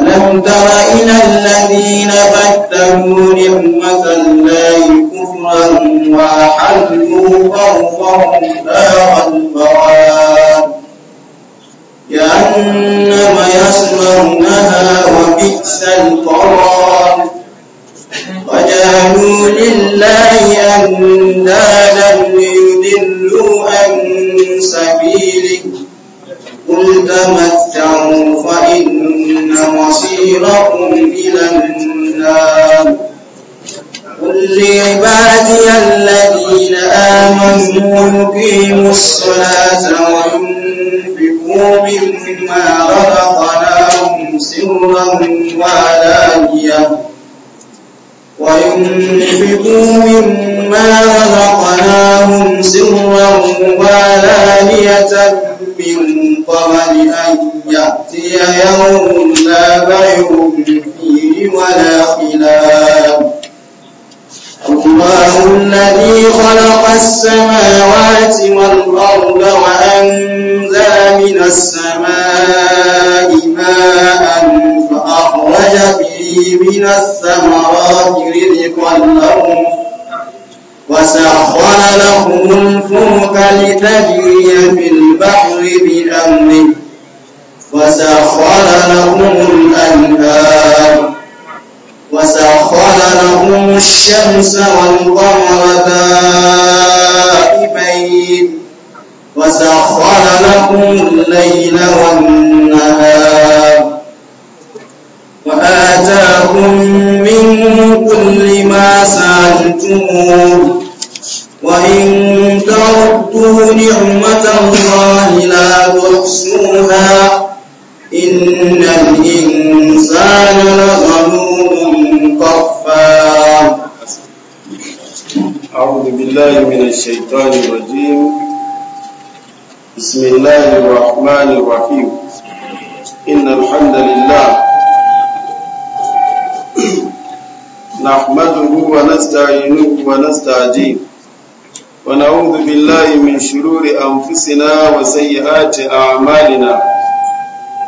ألم تر إلى الذين بدلوا نعمة الله كفرا وأحلوا قومهم دار البوار جهنم يصلونها وبئس القرار وجعلوا لله أندادا ليدلوا عن سبيله قل تمتعوا يخرجكم إلى النار قل لعبادي الذين آمنوا يقيموا الصلاة وينفقوا مما رزقناهم سرا وعلانية وينفقوا مما رزقناهم سرا وعلانية من قبل أن يأتوا يأتي يوم لا بيع فيه ولا خلاف الله الذي خلق السماوات والأرض وأنزل من السماء ماء فأخرج به من الثمرات رزقا لهم وسخر لهم الفلك لتجري في البحر بأمره وسخر لهم الأنهار وسخر لهم الشمس والقمر دائبين وسخر لهم الليل والنهار وآتاهم من كل ما سألتموه وإن تردوا نعمة الله لا تحصوها إن الإنسان لظلوم كفار أعوذ بالله من الشيطان الرجيم بسم الله الرحمن الرحيم إن الحمد لله نحمده ونستعينه ونستعجيه ونعوذ بالله من شرور أنفسنا وسيئات أعمالنا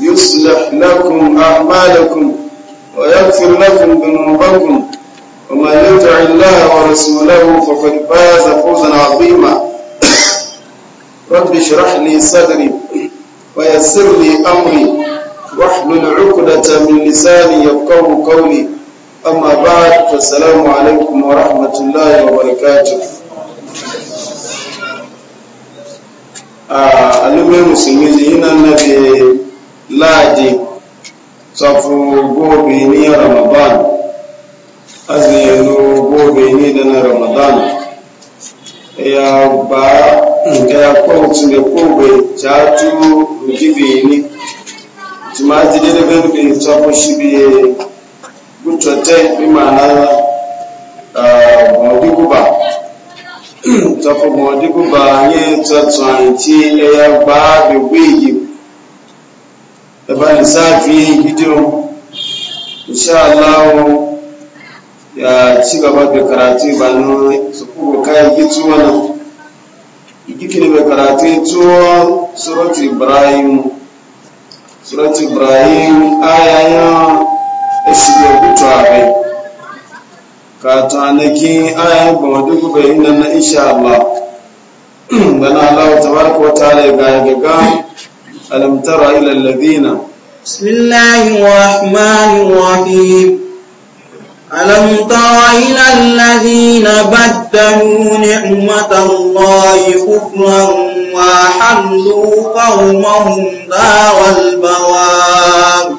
يصلح لكم أعمالكم ويغفر لكم ذنوبكم ومن يطع الله ورسوله فقد فاز فوزا عظيما رب اشرح لي صدري ويسر لي أمري واحلل عقدة من لساني يفقه قولي أما بعد فالسلام عليكم ورحمة الله وبركاته آه المهم مسلمين هنا النبي láàdì tsafogobe ní ramadan azìyànlógobe ní dana ramadan ya ba ya kwanci da kobe ta turu rukibe ne jimaji da daga ne tsafo shi biye gutotai bi ma'ana mọ̀dígúbà tọpọ̀ mọ̀dígúbà yẹn tọ́tọ̀ àti ẹyà gbáà gbogbo èyí da ba lissafi bidiyo insha Allah ya ci gaba da karatu ba na su kuma kayan gitu wani igikin da karatu tuwa surat ibrahim surat ibrahim ayayen ya kutu abai ka tanaki ayayen ba wadda kuma yin nan na insha Allah bana Allah ta baraka wa ta'ala ga gaga ألم تر إلى الذين بسم الله الرحمن الرحيم ألم تر إلى الذين بدلوا نعمة الله كفرا وحلوا قومهم دار البوار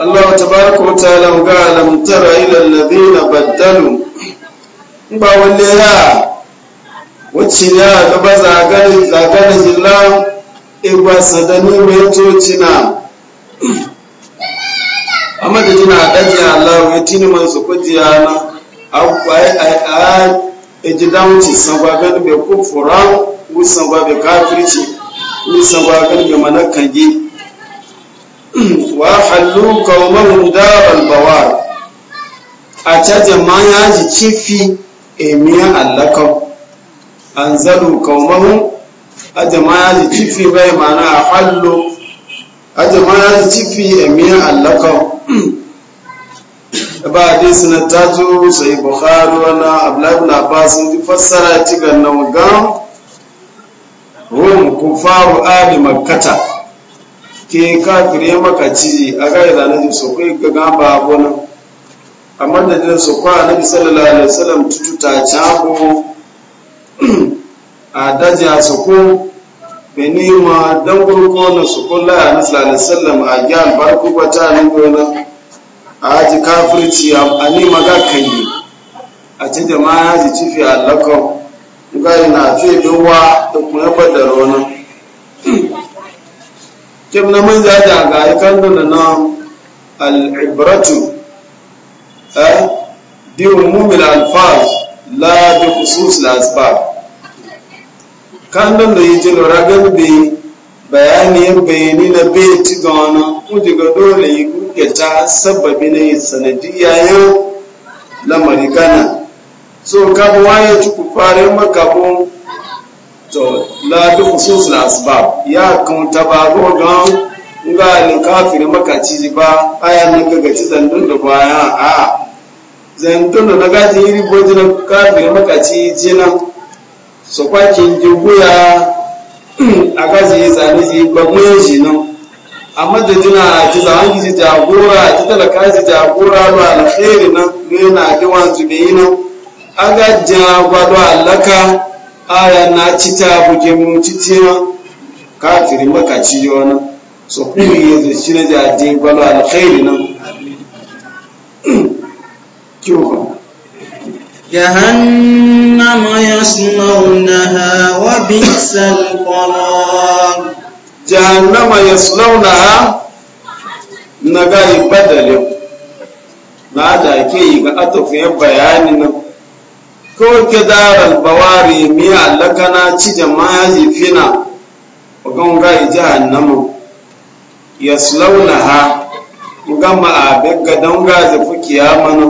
الله تبارك وتعالى قال ألم تر إلى الذين بدلوا بوليها wanda ya wacce ya igwa sadani mai toci na a madadin a daji allah ya tini man su kwaji yana a ejidanci sangwagen bai kufura wusan gwabe kafirci wusan gwagen bai manakangi wa hallu kaumahum daral bawar a caje ma ya ji cifi emiya allakan an zalu kaumahum a ya ji cifi bai mana a hallo a ya ji cifi emiyan allakau ba hadisi na tajo sai bukhari wana abdullahi abbas sun ji fassara ci ga nan gan rum kufaru ali makkata ke kafire makaci a ga ranar nan so kai ga gaba gona amma da nan so kwa nabi sallallahu alaihi wasallam tututa chabo a daja su ko benima don gurko na su kula a nasarar sallam a gyan barku bata ni gona a haji kafirci a ni maga kanyi a ce da ma ya ji cifi a lakon gari na fi duwa da kuma bada rona kim na mun zaja ga ikan nuna na al'ibratu eh diwa mumin alfaz la bi khusus al-asbab kan da yace ragan gan be ya bayani na be ci ga wani kuji ga dole yi kuke ta sababi yi sanadiyya yau lamari kana so kabu waye ci ku fare makabu to la bi khusus ya kun tabaru gan ga ni kafiri makaci ba aya nan ga gaci zandun da baya a zandun da na gaji iri bojina kafiri makaci jinan sokwakin jiguya a kashi ya zane shi gwamnan shi nan a madadina a ci zawon shi jagora a ci talaka shi jagora ba alkhairi nan ne na wanzu su yi nan a ga jagwado allaka aya na ci ta buge mu ci tiya kafiri makaci yana so kuma ya zo shi na jaje gwamnan alkhairi nan kiwo جهنم جهنم يصلونها وبئس القرار جهنم يصلونها نغاي بدل ما دا كي ga atofin bayani na ko ke daral bawari mi allaka na ci jama'a fina ogan gai ha, yaslaunaha gama a ga, don mana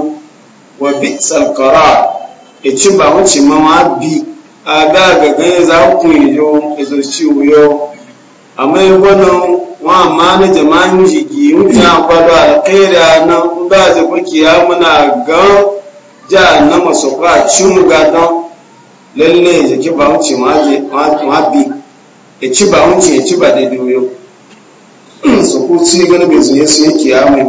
wa bi eci ba wuce ma wa bi a ga gaga za ku yi yo ezo ci uyo amma yi wannan wa ma na jama'in jigi mutuna kwado alkhaira na ba ta kuki ya muna ga ja na maso kwa ci mu ga don lalle jiki ba wuce ma bi eci ba wuce eci ba daidai uyo su ku ci gani bai zuye su yake ya mai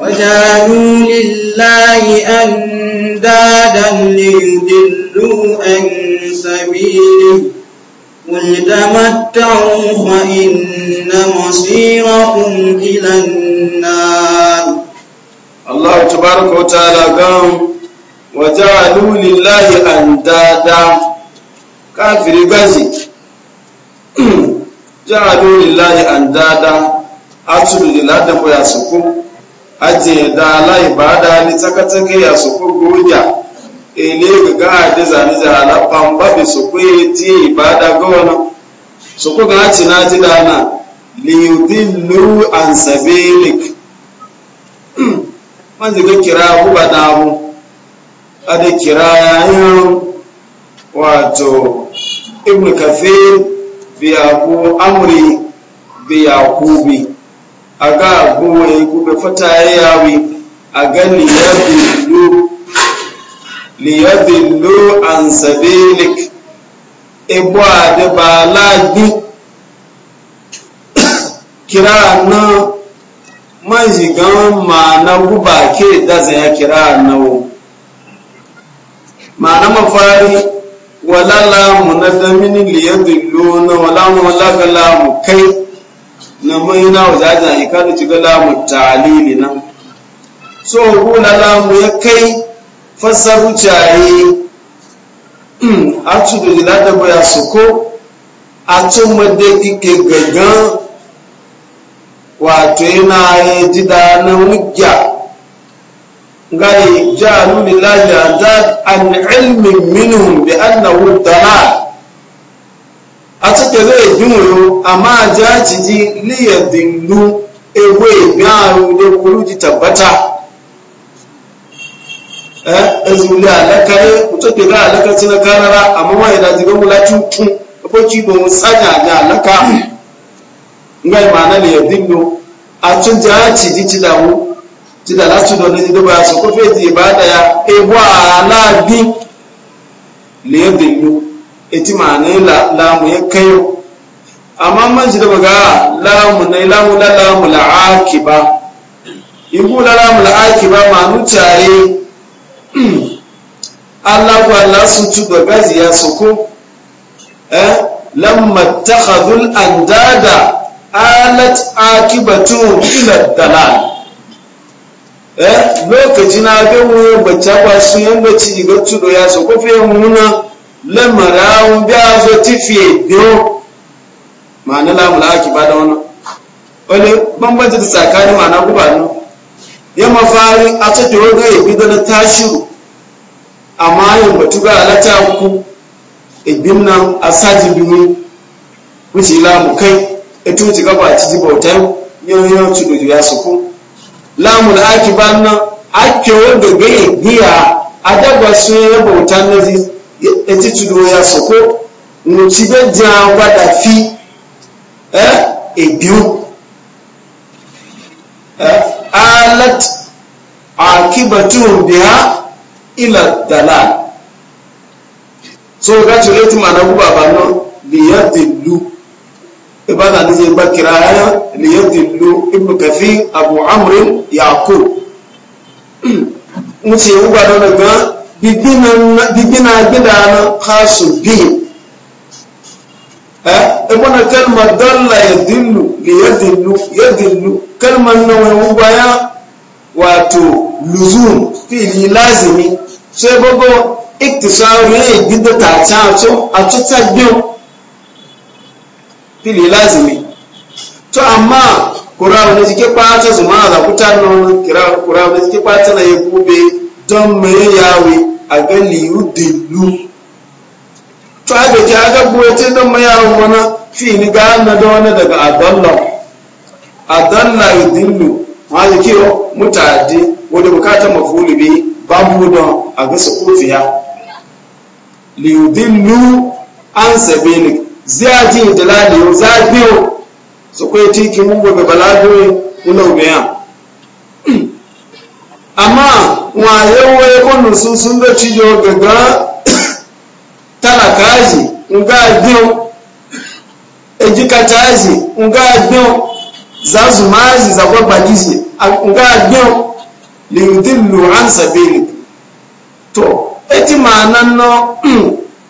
وجعلوا لله أندادا ليضلوا عن سبيله قل تمتعوا فإن مصيركم إلى النار الله تبارك وتعالى قام وجعلوا لله أندادا كافر بزي جعلوا لله أندادا أتلوا لله دفع يسكم aje da ala ibada ni takatake ya su goya ele ga ga da zani da ala pamba bi su ku ti ibada gona su ku ga ci na ji da na li yudillu an sabilik hmm. man ga kira ku ba da mu ade kira yayin wato ibnu kafir bi abu amri bi yaqubi aga gowaye kube fataye yawi aga liyadillu liyadillu an sabilik ebo ade baladi kira na ma na guba ke daza ya kira ma ma'ana mafari wala lamu na damini liyadillu na wala mu wala lamu kai na mai na wajaja ikanu ci gala mu talili nan so lamu ya kai fassaru cayi a da jila da baya ko a tun made ike gangan wato yana yi jida na wugya gari jalu lillahi adad an ilmin minhum bi annahu dalal a cikele edinwuru amaji ajiji liyadinlu ewu ebi arụ da kwuru ji tabbata ezuli alakare mutakele alakar na karara amma wani da jiga wula cutu kwaci alaka na a tun ji ajiji ci damu ti láti ní ya ewu iti la lamu ya kayo amma man ji da baga lamu na lamu la lamu la'akiba ibu la lamu la'akiba ma nutaye Allah ku Allah sun ci bagazi ya soko eh lamma takhadul andada alat akibatu ila dalal eh lokaci na ga mu bacca ba su yan bacci ga tudo ya soko fe mu na lam man biya zo tifiye biyu ma'ana lamula ake ba da wani wani bambanci da tsakanin ma'ana ne ya mafari a ta diwo ga ibi da na tashiru amma yin batu ga alata ku ibim nan a saji biyu wuce lamu kai a wuce gaba a ciki bautan yanyan cudu ya suku ku da ake ba nan ake wanda ga ibiya a dagwa sun bautan na zai eti ya soko nti bɛ gyaa wada fi ɛ ebiu ɛ alat akibatu so lu na ni ba kira ya liya de lu ibnu kafi abu amr gigina gidanan kasu biyu ibana eh? kalmar dalla ya dillu ya dillu ya dillu kalmar nan baya wato luzun fili lazimi sai gbogbo iktisaru ya gida ta canco a cutar biyu fili lazimi to amma kurawa na jike kwata su ma za kuta nan kurawa na jike kwata na ya gube don mai yawe a ga liyu dillu to a da ke aka buwace don mai yawon fi ni ga na da wani daga adalla adalla yi dillu ma yi kewa mutade wadda bukata mafuli bi babu don a ga su kofiya liyu dillu an sabi ni ziyajin jalaliyo biyo su kai tikin mugu da balagoyi kuna ubiya amma wayewa ya kwanu sun sun da cijo gaga talakaji nga biyu ejikataji nga biyu zazumaji za gwabalizi nga biyu liyudillu an sabili to eti ma'anan no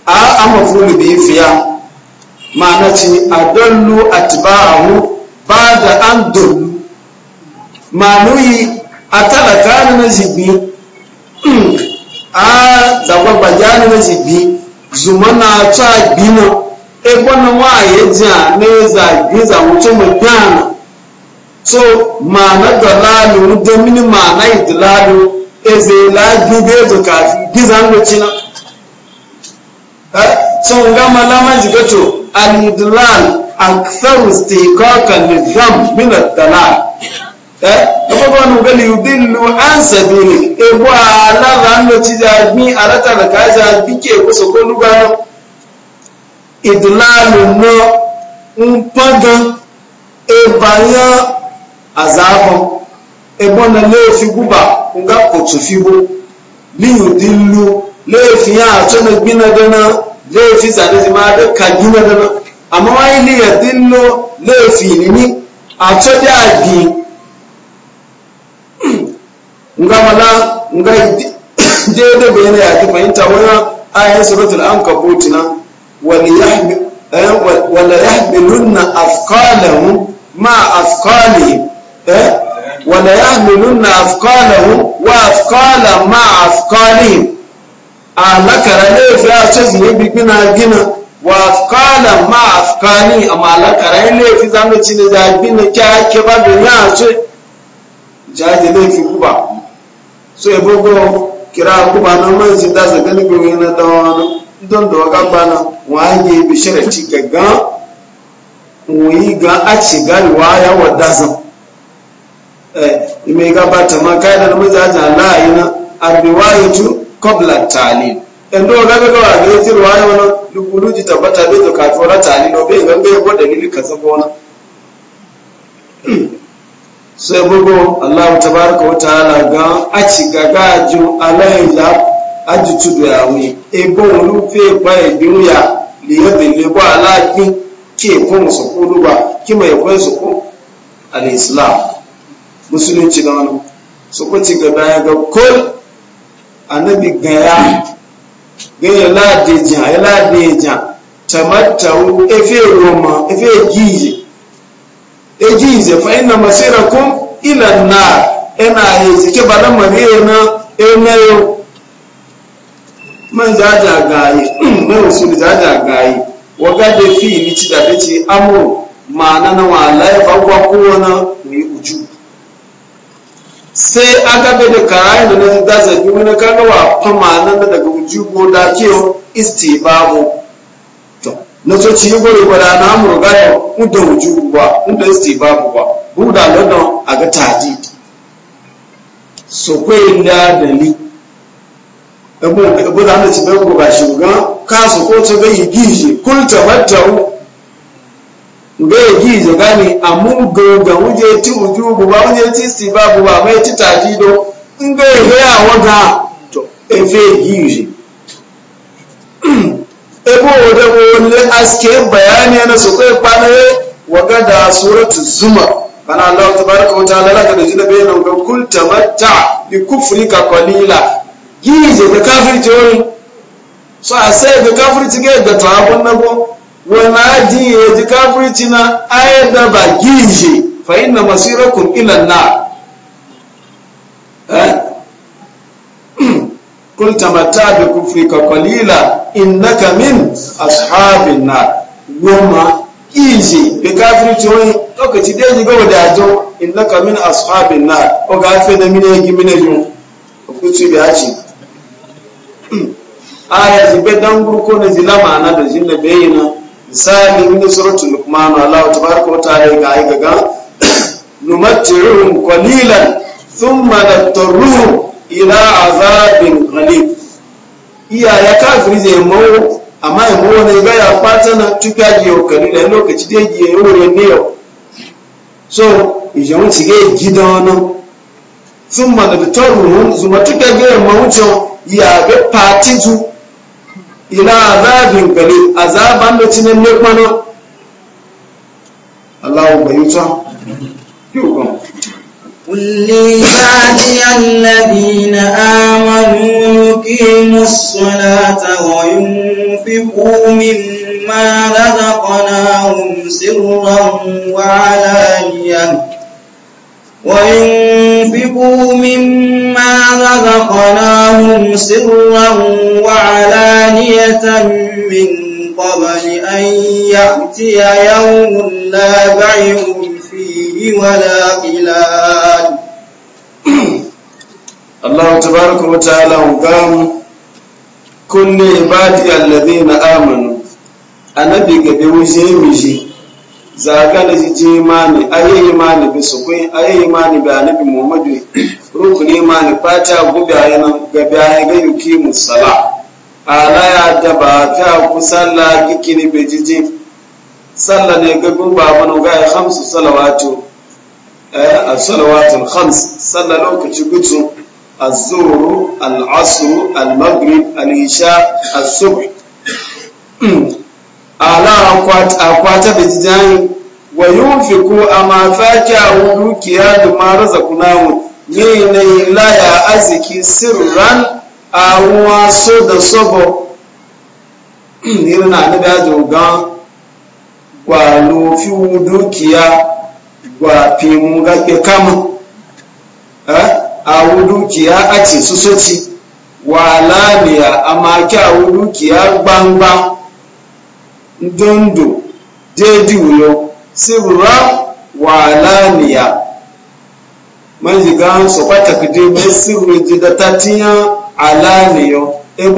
a amafulu bi fiya ma'ana ci a atba'ahu ba da an dullu ma'anuyi a talaka na zibi a zagwagba ya na zibi zuma na ta gbina ekwana wa ya ji a na za giza mutum gana so ma na dalalu domini ma na idilalu, eze la gibe e to ka giza ngocina so nga ma malama zigato al idlal aktharu istiqaqan lidham min ad dalalu. ẹgbẹ́gbọ́n ní ọgbẹ́lẹ̀ ìdí lu ánsẹ̀dù ni ewu alára ń lọ ti di agbín alátàrà káàsì àgbíkè ìkóṣokó lúgbàrán ìdúláàlù mọ́ ń pọ́n gan ebayán àzáàbọ̀ ẹgbọ́n náà kòtò fíwó ní ìdí lu léèfin yá àtúnú gbíná dáná léèfin sàdéjì máa dé ka gbíná dáná àmọ́ wáyé ní ìdí lu léèfin ní àtúndé àgbín. nga mala nga daidai bayana ya ki fahimta wani ayan suratul ankabut na eh, wala yahmilunna afqalahum ma afqalihim eh wala yahmilunna afqalahum wa afqala ma afqalihim alakara ne fi a ce zuwa bibina gina wa afqala ma afqali amma alakara ne fi zamu ci ne da gina kyake ba da ya ce jaje ne fi guba so ebogo kira kuba na ọma da zaga ni gwe na da wani don da waka na wani bi sharaci gaga ga a ci galiwa ya wadda zan eh ime ma kai na manzi na arbiwayatu qabla talil endo ga ga ga ga ka na obe ga kaza sai bugu allahu tabaraka wa ta'ala ga aci gaga ju alayin ya aji tudu ya wi ebo olu fe gba ebin ya le yo de le bo ala gbin ki e fun so ko lu ba ki mo e ko e so ko al islam musulunci da wani so ko ci gaba ya ga kol annabi gaya gaya la de jan la de jan tamattau efe roma efe giyi ejize fa inna masirakum ila zike ba nan bana mariye na enayo man jaja gayi mai usul zaja gayi waga da fi ni ci da ce amu ma na wallahi ba kwa kowana yi uju sai aka bai da karayi da na zaza biyu na kaga wa fa na daga uju ko da kiyo istibabu na so ci gore gwada na amuru gaya muda a ga tajid so kwai na dali abu da hannun ci bai ga shugan a ga wuje ti wuju ba wuje ti isti babu ba mai ti tajido in bai gaya efe ebo wata wani aske bayani na su kai kwanaye waga da surat zuma bana Allah ta baraka wa ta'ala laka da jina bayanan ga kul tamatta bi ka qalila yi je da kafirci wani so a sai ga kafirci ga da tabun nago wani ji ya ji kafirci na ayar da ba gije fa inna masirakum ila na kul tamatta bi kufrika qalila innaka min ashabin nar goma iji bi kafirci wani lokaci da yi gaba da ajo innaka min ashabin nar o ga fe na mine gi mine jun ku ci bi aci aya zibe dan burko na zilama na da jinna bayyana misali min suratul luqman Allah tabaraka wa yi ga ai gaga numatti'uhum qalilan thumma nattaruhum ila azabin ghalib iyaye kafiri zai mawo amma ya mawo ne ga ya fata na tuka ji yau kari da lokaci da ya yi wuri ne yau so ijan ci ga gida wani sun ma da fitar ruhun zuma tuka ga ya mawucin ya ga fati zu ila azabin ghalib azaban da cinin ne kwanan Allahu bayuta. yi kuma. قل لعبادي الذين آمنوا يقيموا الصلاة وينفقوا مما رزقناهم سرا وعلانية وينفقوا مما رزقناهم سرا وعلانية من قبل أن يأتي يوم لا بيع ولا خلال الله تبارك وتعالى وقام كل عبادي الذين آمنوا annabi gabe wuje miji zaga da jije imani ayi imani bi sukun ayi imani bi annabi muhammadu rukuni imani fata gube yana gabe ayi ga yuki musala ala ya daba ta ku sallah kikini be jije sallah ne ga gumba manu ga hamsu salawatu الصلوات الخمس صلى sallah lokaci الزور العصر المغرب العشاء الصبح على أقوات أقوات بجدان وينفقوا أما فاجعوا دوكيا بما رزقناهم يني لا يأزكي سرا أو صد صبو irin annabi ya doga gwalo fi gwa fimu ga ke kama a dukiya a ce su wa lamiya a maki a dukiya gbangba wuyo sibura wa lamiya kwata kudi mai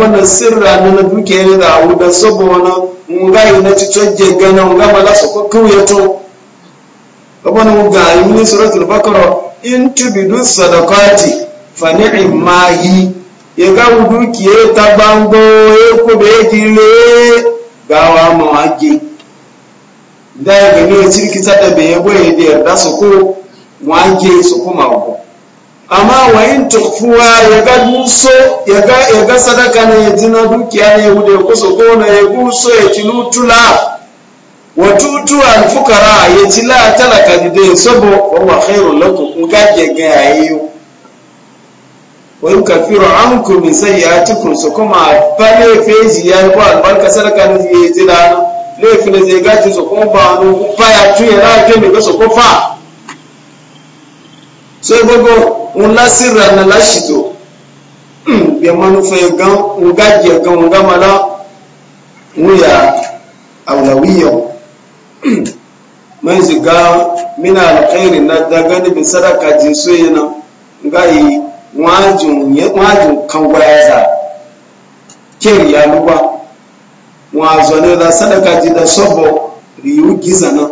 na sirra na na dukiya ne da wuda saboda wani na cikin su kuyato ọgbọ́n ni mo gbà yìí ní suratul baqara in tubidu sadaqati fa ni'ma hi yaga dukiya ta bango ya kuma ya kire gawa mawage da ya gani ya cirkita da bai yabo ya da yarda su ko wage su kuma ko amma wa in tufuwa ya sadaka ne ya jina dukiya ne ya wuce kusa ko na ya guso ya kinutula watutu alfukara ya ci la talaka dide sabo wa khairun lakum kun gaje ga yayi wa yukaffiru ankum min sayyi'atikum su kuma bale feji ya ko albarka sadaka ne ya ji da lefi ne zai gaji su ba no fa ya tu ya rage ko fa so gogo un la sirra na lashito bi manufa gan un gaje gan un gamala mu ya awlawiyyah man shiga mina alkhairi na daga nufin sadaka jinsu yana ngayi wajin kan gwaza kiri ya luwa wazo ne da sadaka ji da sobo riyu giza na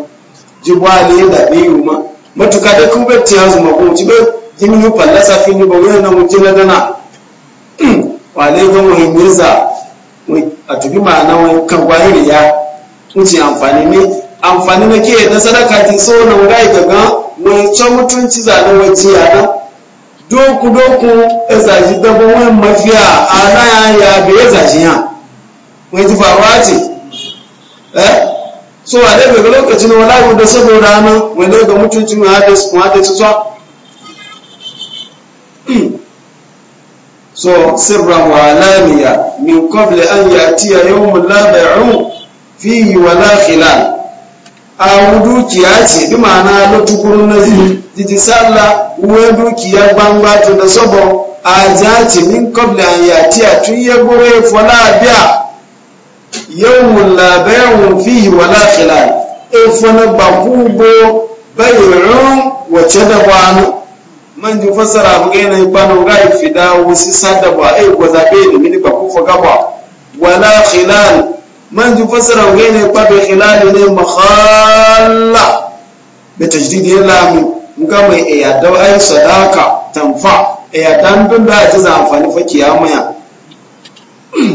ji wale da biyu ma matuka da kuma ta yanzu mako ci bai jini yi fallasa fi ni ba wani na mutu na dana wale ga wani mirza a tuki ma'ana wani kan gwahiri ya wuce amfani ne amfani na ke na sadaka ki so na ngai gaga wancan mutunci waje ya na doku doku da dabo wani mafiya a na ya bi ezaji ya wani ji faruwa ce eh so a dai daga lokacin wala yau da saboda nan wani ga mutunci mu hada su hada su so sirra wa alaniya min qabli an yatiya yawmun la bai'u fihi wala khilal awu dukiya ce bi ma'ana tukuru na jiji sallah uwe dukiya gbangba ta da sobo a jace min kobla an yati a tun ya gore fola biya yawon labarin yi wala lafila e fona bo bayirun wace da banu man ji fasara mu gaina banu ga ifida wusi sadaba e gwazabe da mini bakufa gaba wala khilal man ji fasara wuri ne kwa bai khilali ne makhalla da tajdidi e ya lamu ga mai iyadau ai sadaka tamfa iyadan e dun da ta za amfani fa kiyamaya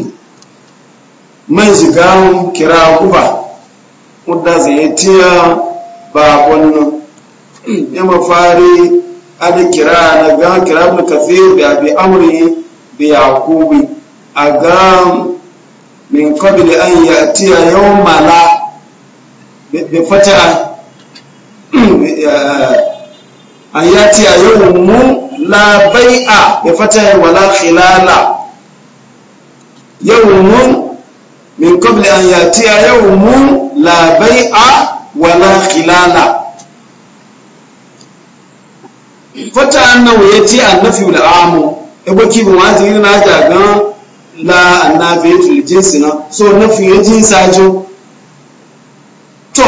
man ziga kira kuba mudda zai tiya ba wannan ya mafari ada kira na ga kira ibn kathir bi abi amri bi yaqubi aga min qabli an ya'tiya yawma la bi fata an ya'tiya yawmu la bai'a bi fata wala khilala yawmun min qabli an ya'tiya yawmun la bai'a wala khilala fata annahu yati annafi al amu e baki la annafiyatul jinsi na so nafiye jinsa jo to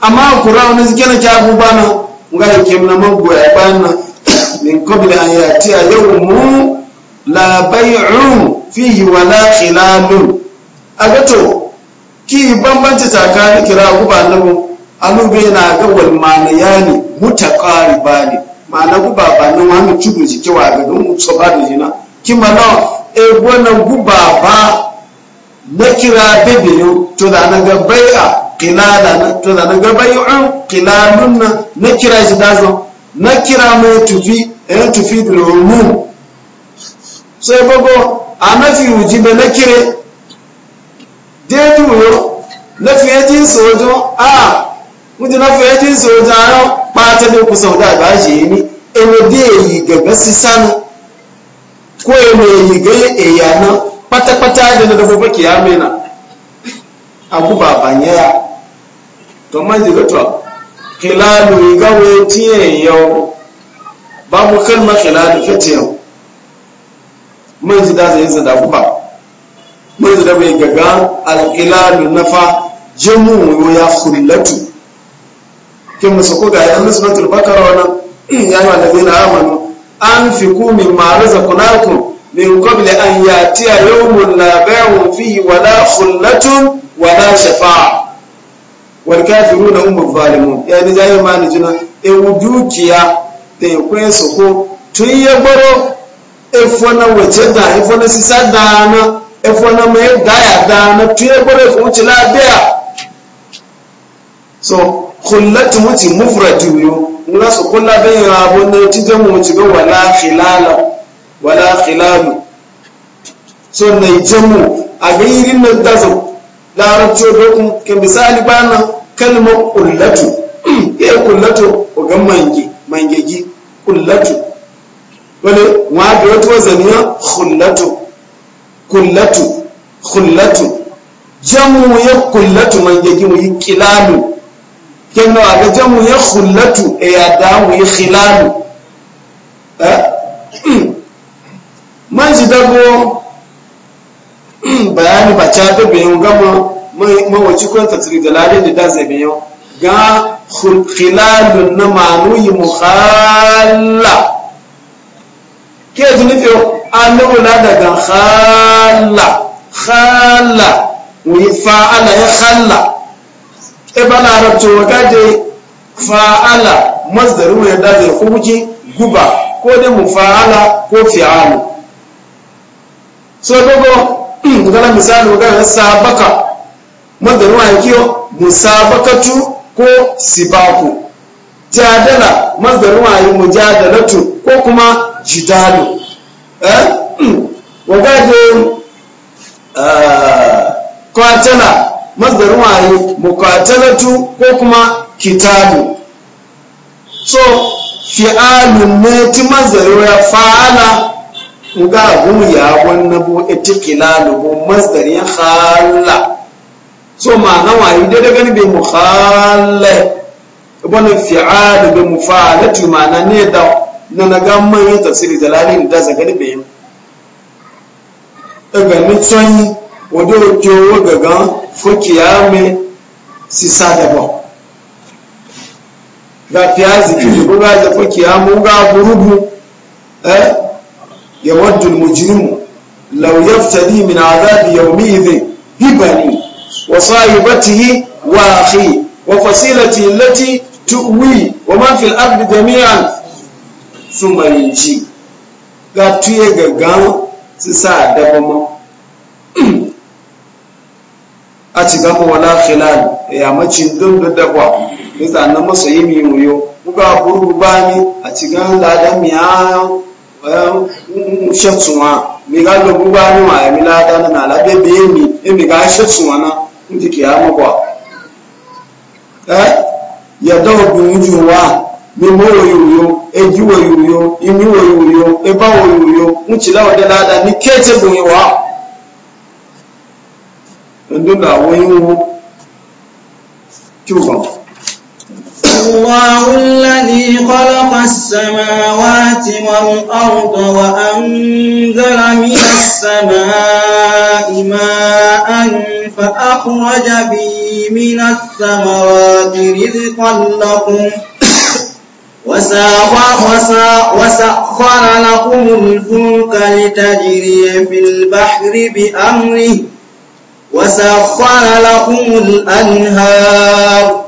amma qur'an ne zikena ka bu bana nga yakem na mango ya bana min qabla an yati yawmu la bay'u fihi wa la khilalu agato ki bambanci tsakanin kira guba annabu alube na ga wal manayani mutaqaribani na guba ba nan wani cikin jikewa ga don so ba da jina kimma nawa egwanan guba ba na kira bibiyu to da na gabai a kilala na to da na gabai a kilalun na na kira shi dazo na kira mai tufi eh tufi da rumu sai bago a nafi wuji da na kire deju yo na fi yaji sojo a wuji na fi yaji sojo a yau ba ta da kusa da ba shi ni ene da yi gaba si sisanu ko ya mai yi gaya ɗaya nan kwata-kwata da na dafa baki ya mena aku ba banyaya to man jiga to khilalu ga we tiye yau ba mu ma khilalu fati yau man jida zai zai da ba man jida bai gaga al khilalu nafa jamu ya khulatu kin musu ko ga yan nisbatul na wannan ya yi wa na amanu an fi kumi mara zakunakun min kwabli an yati a yawon labarin fi wala khullatun wala shafa wal kafiru na umar valimun ya ni zai ma ni jina ewu dukiya da ya kwen su ko tun ya gbaro efo wace da efo na sisa dana efo na mai daya dana tun ya gbaro efo wuce labiya so kullatu muti mufradu yo nga so kulla be yabo ne ti jamu muti ga wala khilala wala khilalu so ne jamu a ga irin nan da zo larabci da ku ke misali bana kalmar kullatu ya kullatu ko ga mange mangegi kullatu wale wa da wato zaniya kullatu kullatu kullatu jamu ya kullatu mangegi mu yi kilalu kenda ga jamu ya khullatu e ya damu ya e khilalu eh? man ji dago bayani ba ta da bayan gama mawaci kwan tattali da lalin da zai bayan ga khilalun na manuyi muhalla ke ji nufi an lura daga khalla khalla wani fa'ala ya khalla eba larabci waka je fa'ala masdarin ya dace ko wuce guba ko da mu fa'ala ko fi'alu so dogo gana misali waka ya sabaka masdarin ya kiyo musabakatu ko sibaku jadala masdarin ya mujadalatu ko kuma jidalu eh waka je eh, kwatana masdarin waye mukatalatu ko kuma kitabu so fi'alun ne ti masdarin ya fa'ala nga hu ya wanna bo itikilalu bo masdarin khalla so na waye da daga ne mu khalla wannan fi'alu da mufa'alatu ma'ana ne da na naga manyan tafsiri da lalin da zagani bai yi daga nitsoyi wadda ke wa gagan fukiyame sisadabo ga fiyazi kijibu ga da fukiyamu ga burubu eh yawaddu almujrimu law yaftadi min adhabi yawmihi hibani wa sahibatihi wa akhi wa fasilati allati tuwi wa man fil ardi jami'an thumma yanji ga tuye sa sisadabo a ci gama wala khilal e ya maci duk da na masa yi mi yoyo muka buru bani a ci gan ladan mi a eh, shatsuwa mi ga lo bani ma emi na la be be mi emi na mutu ke ya mako eh, ya mi mo imi wo e wo da ni kete wa عندنا الله الذي خلق السماوات والأرض وأنزل من السماء ماء فأخرج به من الثمرات رزقا لكم وسخر لكم الفلك لتجري في البحر بأمره وسخر لكم الأنهار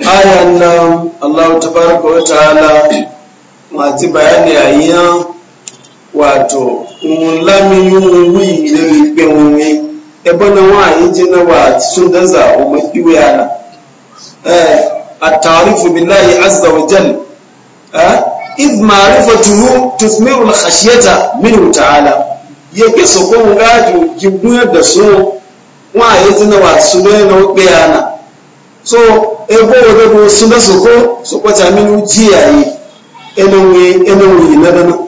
آية النوم الله تبارك وتعالى mati bayani ayan wato ohun lami yiwu wi ebe na wọn ayi jina wa sundanza ọmọ iwe ana atarifu billahi azza wa jal iz ma'rifatuhu al ta'ala ya ke so mu ngaji jibdu da su wa yati na su ne na ukiyana so ebo odo bo su da soko, ko so ko ta minu jiya yi mu yi na dana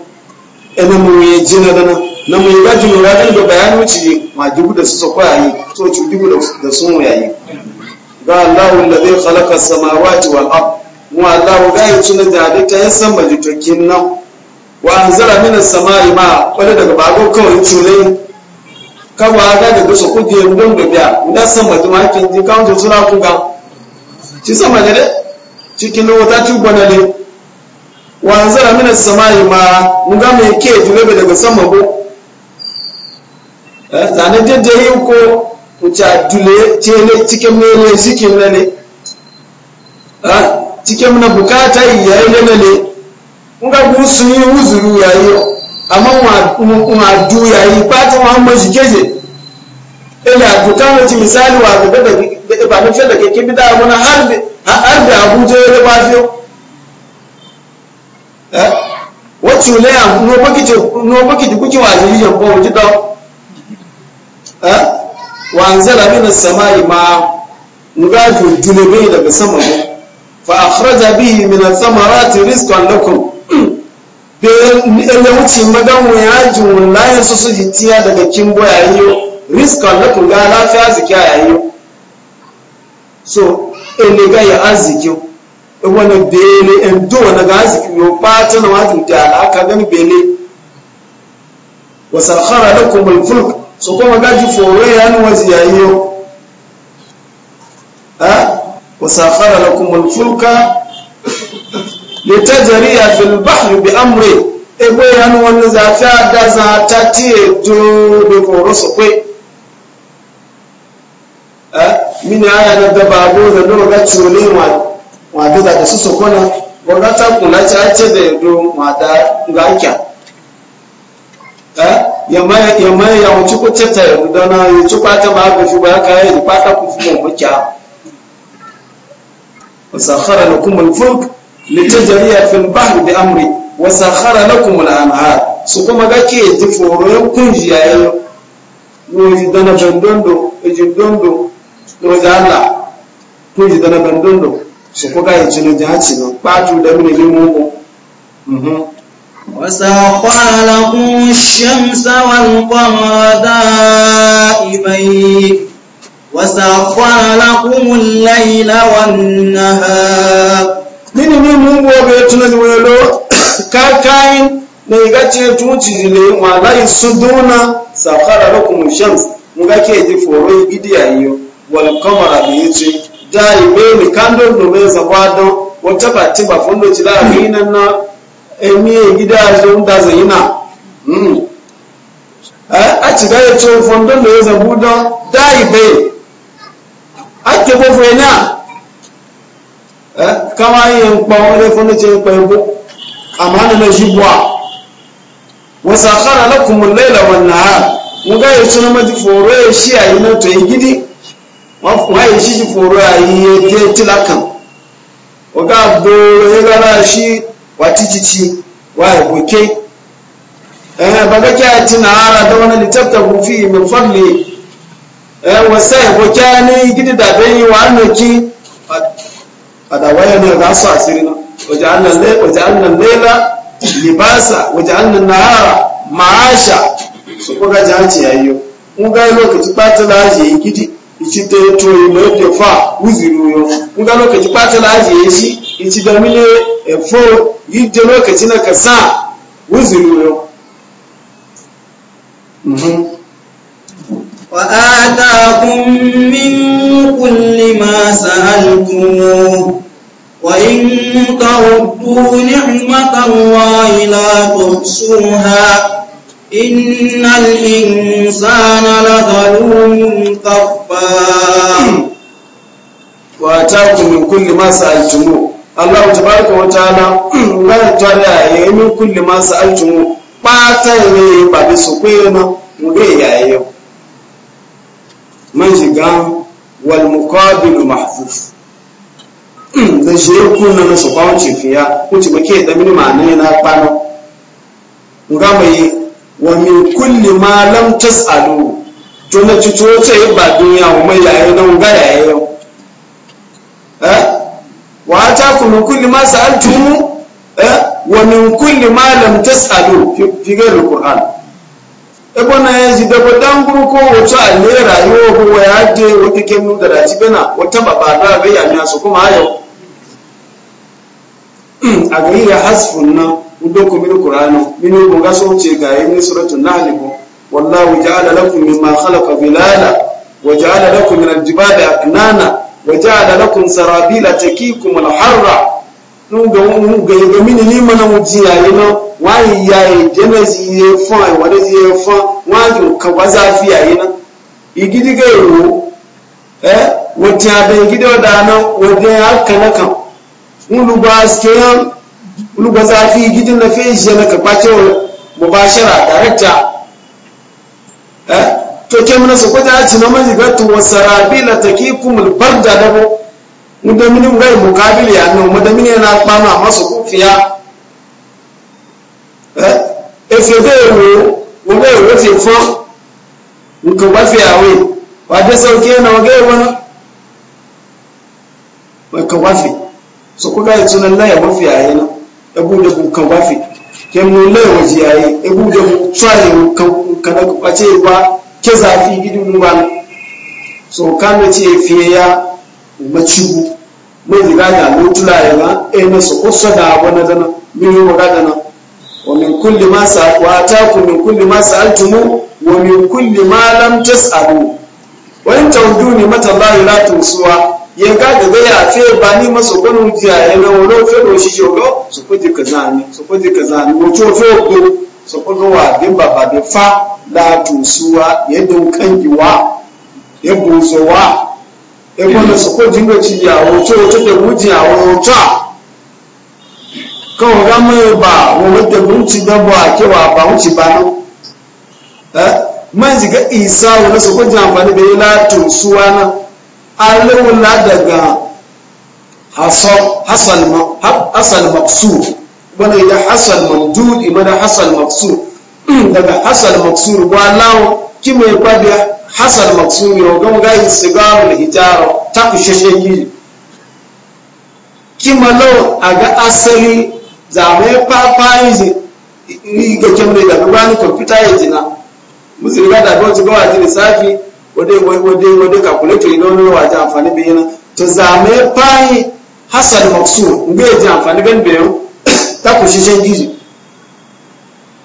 enwe jina dana na mu yi ga jinu ra da bayan wuce ma jibu da su soko ko yayi so ci jibu da su mu yayi ga Allahu alladhi khalaqa as-samawati wal ard wa Allahu ga yi tuna da ta yasan majitokin nan wa anzala min as-sama'i ma wala daga bago kawai cule ka wa ga daga su kuje mun da biya na sama da makin ji kan zuwa sura ku ga ci sama ne cikin wata ci gwana ne wa anzala min as-sama'i ma mun ga me ke jure daga sama ko eh zane jeje yi ko ku ta dule cele cikin mele cikin ne ne eh, cikin na bukata yayin ne ne nga gusu yi wuzuru ya yayi amma wa du yayi fatan wa amma shi keje ila dukan wace misali wa ga da ba na fiye da kake bida wani har da abuja ya ba fiyo wacce ne a nobaki da kuke wajen yi yanko wajen da min amina sama'i ma nga dole bai daga sama ba fa akhraja bihi min as-samarati rizqan lakum ɗaya wuce magan yaji layan su su jitiya daga kimbo yayiyo riskan na kunga lafiya ziki a yayiyo so ele ga ya arziki e wani bele en do wani ga arziki yau fata na wajen da alaka gani bele wasakhara kuma alfulk so kuma gaji fore ya ni wazi yayiyo ha wasakhara lakum alfulka li tajriya fil bahri bi amri ebe yan wani zafi da za ta tiye to bi koro su kwe mini aya na daba bo da do ga tsole wa wa da da su su kona wanda ta kula ta ce da do ma da ga kya yamma yamma ya wuce ko ta da na wuce ko ta ma ga shi ba ka yi ba ta ku mu kya وسخر لكم الفلك litajariya fil bahri bi amri wa sakhara lakum al anhar su kuma gake ji foro kunjiya yayin noji dana bandondo eji dondo ji Allah kunji dana bandondo su kuma gake ji noji haci no patu da mini limu mhm وسخر لكم الشمس والقمر دائبين وسخر لكم الليل والنهار nini ni mungu oge tuna ziwelo kakain na igace tuci zile malai suduna sakara lakum shams muga ke ji foro gidi ayo wal qamara bi yiti dai be ni kando no be zabado wata bati ba fondo jila na emi gida zo da zaina mm a ci ga yato fondo no zabudo dai be ake bo fena Eh? kama yẹ ń pa wọn lé fún níṣẹ ń pa ẹbú àmọ́ ní lè ṣí bua wọn sàkárà lọkùnrin lẹ́la wọn nàá wọn gáyé sọnà ya fòrò ẹ̀ ṣí àyè náà gidi wọn fún àyè ṣíṣí fòrò àyè dé tìlá kan wọn gá bo ẹgbẹ́ra ṣí wà títí wa ìwòkè ẹ̀ bàgẹ́kẹ́ àti nàárà dáwọn ẹni tẹ́tẹ̀ kò fi ìmọ̀ fọ́ọ̀lì Wasu wọ́n sẹ́yìn wọ́kẹ́ gidi dàbẹ́yìn wà á nà kí. fadawaya ne za su asiri na waje'annan laila libasa waje'annan nahara ma'asha su kuka jaci yayyo in ga lokaci ɓata laji ya gidi ici ta yi toyi mai ke fa wuziru yo in ga lokaci ɓata laji ya shi ici da mile efo yi da lokaci na ka sa wuziru yo mhm. وآتاكم من كل ما سألتموه وإن تردوا نعمة الله لا تحصوها إن الإنسان لظلوم كفار وآتاكم من كل ما سألتموه Allah tabaraka wa ta'ala Allah ta'ala ya yi min kulli ma sa'altumu ba ta ne ba bi su kuyi ma mu ga yayin man shiga wal muqabilu mahfuz zan shi kuna na su kwawon cifiya kun ci bake da mini ma'ana yana kwano nga mai wa min kulli ma lam tas'alu to na ci to ce ba duniya wa mai yayi nan ga yayi eh wa ta kun kulli ma sa'altum eh wa min kulli ma lam tas'alu fi ghayr al-qur'an ebona yanzu daga dan gurko wato alle rayuwa ko ya je wata ke mu da ci bana wata babara bai ya mi su kuma hayo hmm, a ga ya hasfun nan udo ko mini qur'ano mini ko ga so ce ga yin suratul nahl ko wallahu ja'ala lakum ma khalaqa bilala wa ja'ala lakum min al-jibali aknana wa ja'ala lakum sarabila takikum al-harra nga nga mini lima na mujia yino wani ya e, jeme ziye fan e, wani ziye fan wani ka waza fi ya yina igidi ga yoro eh wote abe igidi oda na wode aka na kan ulu ba skeyan ulu ba za fi igidi na fe je na ka bace mubashara director eh to kemna su kwata ci na majiga to wasarabila takikum albarda dabo da mini ngai mukabili ya no mu da na kpama masu kufiya eh efe be wo wo be wo ti fo nko ba fi awe wa de so ke na oge wa wa ka wa fi so ko ga tunan ya mafi aye na e bu ku ka fi ke mu le wo ji aye e bu de ku try ka ka da ku ace wa ke zafi gidu mu so kan ce fiye ya macibu mezi gaja lutula yaga ene eh, da abu na dana yi waga dana wa min kulli ma sa wa ataakum min kulli ma sa'altumu wa min kulli ma lam tas'alu wa in ne mata Allah la tusuwa ga da ga ya ba ni masu gonu jiya ene wuro fe do shi yogo su ko de kazani su ko de kazani wo cho fe ko so ko wa din baba da fa la tusuwa yedun kangiwa yebun so wa ẹgbọ́n lọ ba jíngọ̀ ti ba tó tó tẹ̀wú ti àwọn ọ̀tọ́ wa ọ̀gá mọ́ ẹ̀bà ba ló tẹ̀wú ti dọ́bọ̀ àkẹwà àbá wọn ti bá náà mẹ́jì ká ìsá da lọ sọ́kọ́ jí àǹfààní bẹ̀rẹ̀ látò súwá náà alẹ́wò ládàgà asọ hasan maksu gbọ́n ìdá hasan mamdud ìmọ̀dá hasan maksu daga hasan maksu wà láwọn kí mo ẹ̀ hasal maksumi ogan gai sigarul hijara ta kushashe yi kimalo aga asali zame papa yi ni ga kemre da ruwa ni computer yi jina musulmi da ko jigawa ji lissafi wade wade wade calculator ina wani wa amfani bi yana to zame pai hasal maksum ngai ji amfani gan bayan ta kushashe yi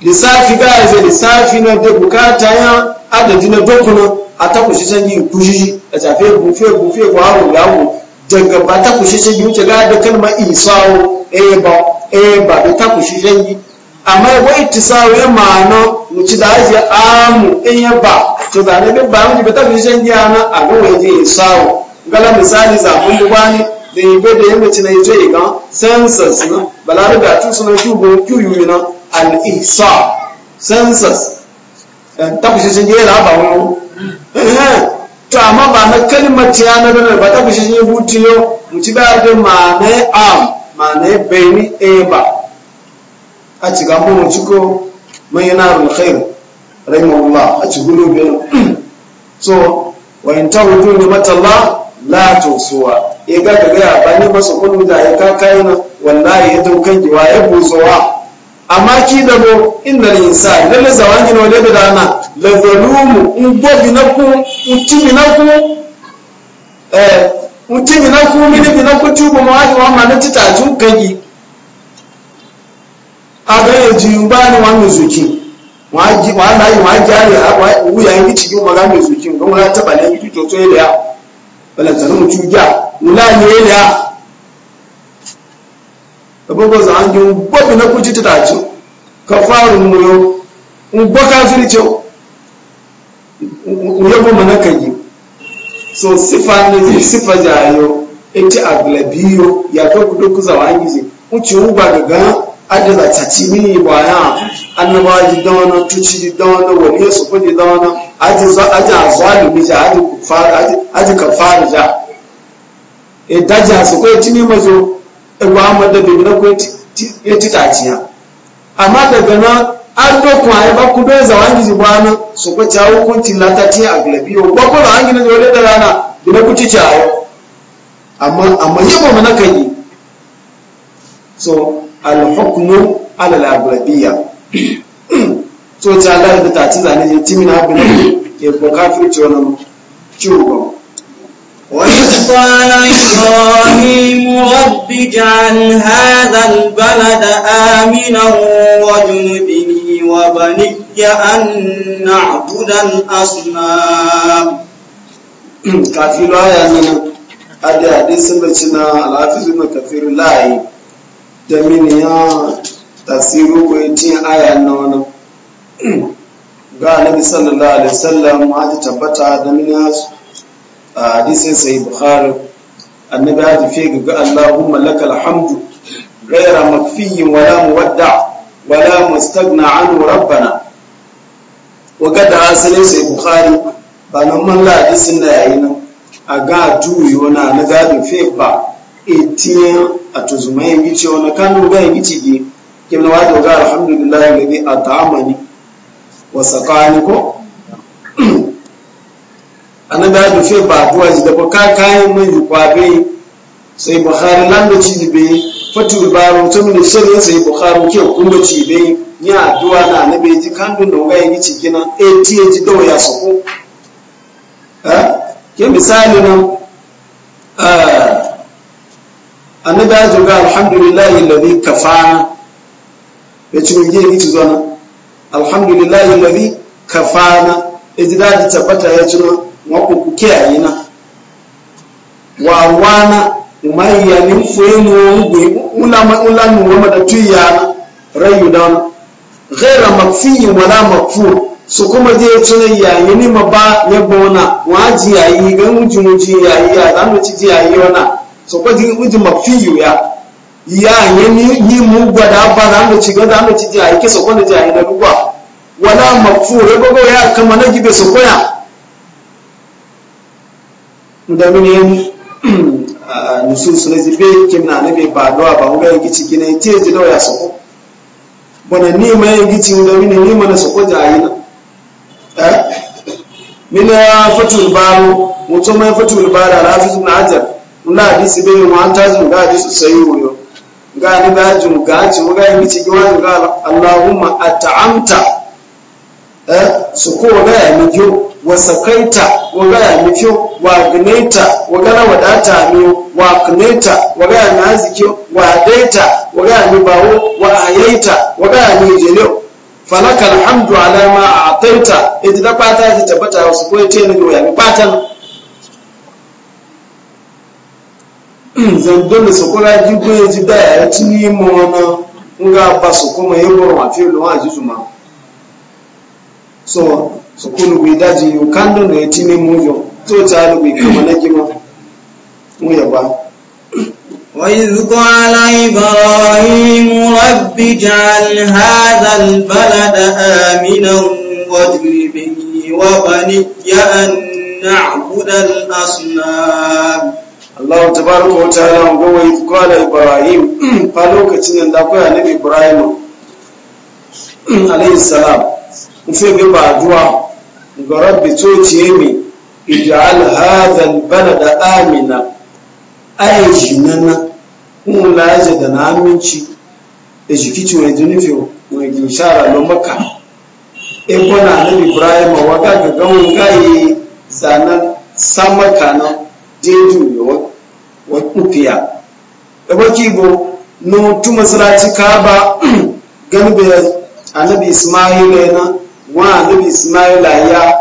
lissafi ga yi lissafi na da bukata ya adadi na dokunan atakushi sanyi kushi a tafe bufe bufe ko hawo yawo daga ba takushi sanyi wuce ga da kalma isawo eh ba eh ba da takushi sanyi amma wa ittisawo ya ma'ano wuce da aje amu in ya ba to da ne ba mu ba takushi sanyi ana a ga waje isawo gala misali zafin dubani da yi bai da yamma ci na ito yi kan census na balari da tu suna shugo kyuyu na al-ihsa census eh, takushi sanyi ya laba wani to amma ba na kalmar ta na da ba ta fushi ne hutiyo mu ci ba da mane am bai bayni e ba a ci ga mu ko man yana rul khair rahimahullah a ci gudu biyu so wa in hutu ni Allah la suwa e ga ga ba ni ba su kun da ya ka kai wallahi ya dukan ki wa ya buzowa amma ki da go inda ni insa lalle zawangi no da dana la zalumu in gobi na ku un tibi na ku eh un tibi na ku mini bi na ku tubu ma wa ma na tita ju gagi aga ye ji ba ni wa mu zuki wa ji wa la yi wa ji ari wa wu ya yi ci ma ga mu zuki don wa ta ba ne ki to to ya bala tanu mu ju ja mu la ne ya abubuwa za an yi gbobi na kuci ta dace ka faru muyo in gbo kafirce yabo mana kan yi so sifa ne zai sifa jayo ita aglabiyo ya ka kudu kuza wa an yi zai wuce ugba gaga adala tati mini baya annaba ji dawana tuci ji dawana wani ya sufu ji dawana aji azalimi ja aji kafara ja e daji a su kwaye tini mazo ɗagwa amada bai na kuwa ya ci taciya amma daga nan an dokun a yaba ku don zawa an gizi bana su kwace hukuncin latati a galabiyo ba ko na an gina zaure da rana bi na kuci cayo amma amma yabo mana kan yi so alhukmu ala al so ta Allah da ta ci zane je timina bin ke ko kafirci wannan ciwo وإذ قال إبراهيم رب اجعل هذا البلد آمنا واجنبني وبني أن نعبد الأصنام kafin aya nan adi hadisin da cina alhafizu na kafiru layi da mini ya tasiru ko yin aya na wani ga annabi sallallahu alaihi wasallam tabbata da a hadisin sai bukhari annabi ya tafi ga allahumma lakal hamdu ghaira makfiyin wala muwadda wala mustaghna anhu rabbana wa kada asalin sai bukhari ba nan man la hadisin da yayi nan a ga tuyo na na gadi fe ba etiyan a tuzumai gice wani kanu ga gice ke kimna wa ga alhamdulillah a ta'amani. wa saqani ko annabi ya dufe ba duwa ji da baka kayan mai kwabe sai bukhari nan ci be fatul baro to mun shirin sai bukhari ke kuma ci be ya duwa na annabi ji kan dun da yi ci gina ATH eh, da waya su ko eh ke misali nan ah, annabi ya zuga alhamdulillah alladhi kafana ya ci mun yi ci zo na alhamdulillah alladhi kafana idan da tabbata ya ci nan wọn kò kú kíyàyé náà wà wá ná ìmá ìyá ní fòye ní wọn gbé ńlá ní wọn mọ̀dá tó yà á rayu dáná ghaira mafiyi wala mafur su kuma zai tuna yayi ni ma ya bona wa ji yayi ga muji muji yayi ya zamu ci ji yayi wana su kuma ji muji mafiyu ya ya yani ni mu gwada ba zamu ci ga zamu ci ji yayi ke su kuma ya yi da ruwa wala mafur ya gogo ya kama na gibe su koya da mini nusus na zibe kim na nabe ba doa ba ngai gici kina ite ji ya soko bona ni ma yi gici da ni ma na soko da yi na eh ya fatul baro mutum mai fatul bara rafi ibn ajar na hadisi bai mu an tazu ga hadisi sayi wuyo ga ni ba ji mu ga ji mu ga yi gici ga wani ga allahumma at'amta eh ko ga ya mu yo wasakaita ga ya mu wagneta wagana wadata mi wagneta wagaya na aziki wadaita wagara mi bawo wa ayaita wagara mi falaka alhamdu ala ma a'taita idan fata ta tabbata wasu ko yace ne ya yani fatan zan dole su kula ya ji da ya ci ni mu wana nga ba su kuma yin burma fi lo ji juma so so kunu gudaji yukando ne ya ni mu jo tó ta lùgbì kàmọ́ lẹ́jìmọ́ mú yẹ̀bá. وإذ قال إبراهيم رب اجعل هذا البلد آمنا واجنبني وبني أن نعبد الأصنام Allah tabaraka wa Ibrahim da Ibrahim ga ij'al hadha albalada amina ai jinana kun laje da na aminci da shikici wai dunifi wai ginshara lo maka e kona na ibrahim wa ga ga gawun kai zana samaka na jeju yo wa kufiya da e, baki bo no tu masalaci kaba ganbe annabi isma'ila na wa annabi isma'ila ya